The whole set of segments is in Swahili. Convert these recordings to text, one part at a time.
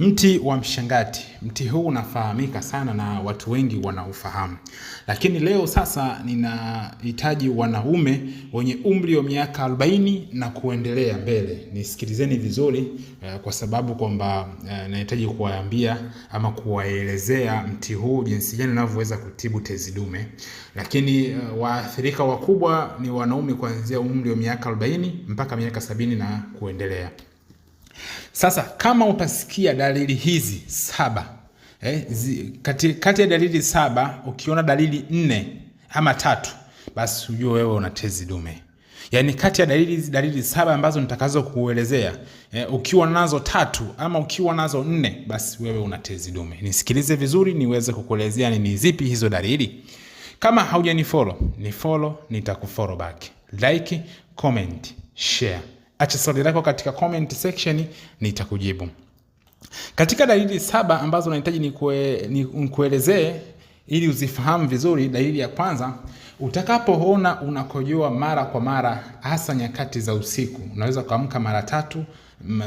Mti wa mshangati. Mti huu unafahamika sana na watu wengi wanaofahamu lakini leo sasa ninahitaji wanaume wenye umri wa miaka 40 na kuendelea mbele. Nisikilizeni vizuri, eh, kwa sababu kwamba eh, nahitaji kuwaambia ama kuwaelezea mti huu jinsi gani unavyoweza kutibu tezi dume, lakini eh, waathirika wakubwa ni wanaume kuanzia umri wa miaka 40 mpaka miaka sabini na kuendelea. Sasa kama utasikia dalili hizi saba eh, zi, kati, kati ya dalili saba ukiona dalili nne ama tatu, basi ujue wewe una tezi dume. Yaani kati ya dalili hizi dalili saba ambazo nitakazo kuelezea eh, ukiwa nazo tatu ama ukiwa nazo nne, basi wewe una tezi dume. Nisikilize vizuri niweze kukuelezea ni zipi hizo dalili. Kama haujanifollow, ni follow, nitakufollow back. Like, comment, share acha swali lako katika comment section nitakujibu. Katika dalili saba ambazo unahitaji nikuelezee ni ili uzifahamu vizuri. Dalili ya kwanza, utakapoona unakojoa mara kwa mara, hasa nyakati za usiku, unaweza kuamka mara tatu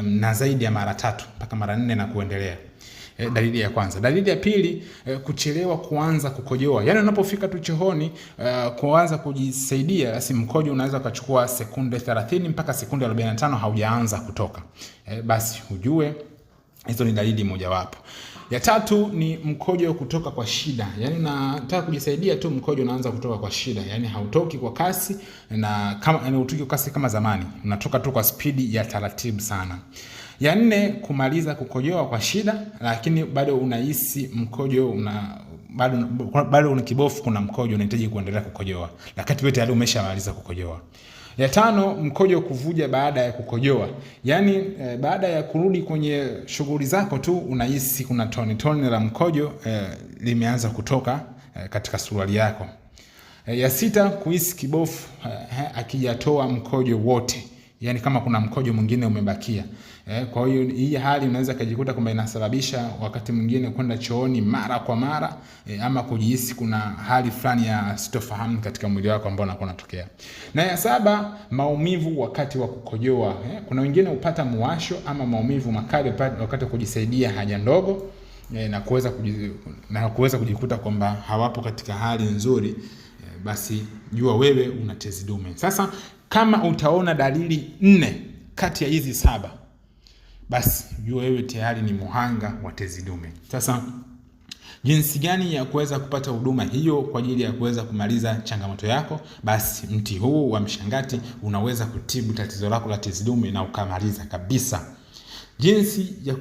na zaidi ya mara tatu mpaka mara nne na kuendelea eh, dalili ya kwanza. Dalili ya pili eh, kuchelewa kuanza kukojoa, yaani unapofika tu chooni eh, kuanza kujisaidia, basi mkojo unaweza ukachukua sekunde 30 mpaka sekunde 45 haujaanza kutoka eh, basi ujue hizo ni dalili mojawapo. Ya tatu ni mkojo kutoka kwa shida, yaani nataka kujisaidia tu, mkojo unaanza kutoka kwa shida, yaani hautoki kwa kasi na kama, yani utoki kwa kasi kama zamani, unatoka tu kwa spidi ya taratibu sana. Ya nne, kumaliza kukojoa kwa shida, lakini bado unahisi mkojo una bado bado una kibofu, kuna mkojo unahitaji kuendelea kukojoa, lakini wewe tayari umeshamaliza kukojoa. Ya tano, mkojo kuvuja baada ya kukojoa, yaani e, baada ya kurudi kwenye shughuli zako tu unahisi kuna tone tone la mkojo e, limeanza kutoka e, katika suruali yako. E, ya sita, kuhisi kibofu e, akijatoa mkojo wote yani kama kuna mkojo mwingine umebakia. Eh, kwa hiyo hii hali unaweza kujikuta kwamba inasababisha wakati mwingine kwenda chooni mara kwa mara eh, ama kujihisi kuna hali fulani ya sitofahamu katika mwili wako ambao unakuwa unatokea. Na ya saba, maumivu wakati wa kukojoa. Eh, kuna wengine hupata muwasho ama maumivu makali wakati wa kujisaidia haja ndogo eh, na kuweza na kuweza kujikuta kwamba hawapo katika hali nzuri basi jua wewe una tezi dume. Sasa kama utaona dalili nne kati ya hizi saba, basi jua wewe tayari ni muhanga wa tezi dume. Sasa jinsi gani ya kuweza kupata huduma hiyo kwa ajili ya kuweza kumaliza changamoto yako? Basi mti huu wa mshangati unaweza kutibu tatizo lako la tezi dume na ukamaliza kabisa. Jinsi ya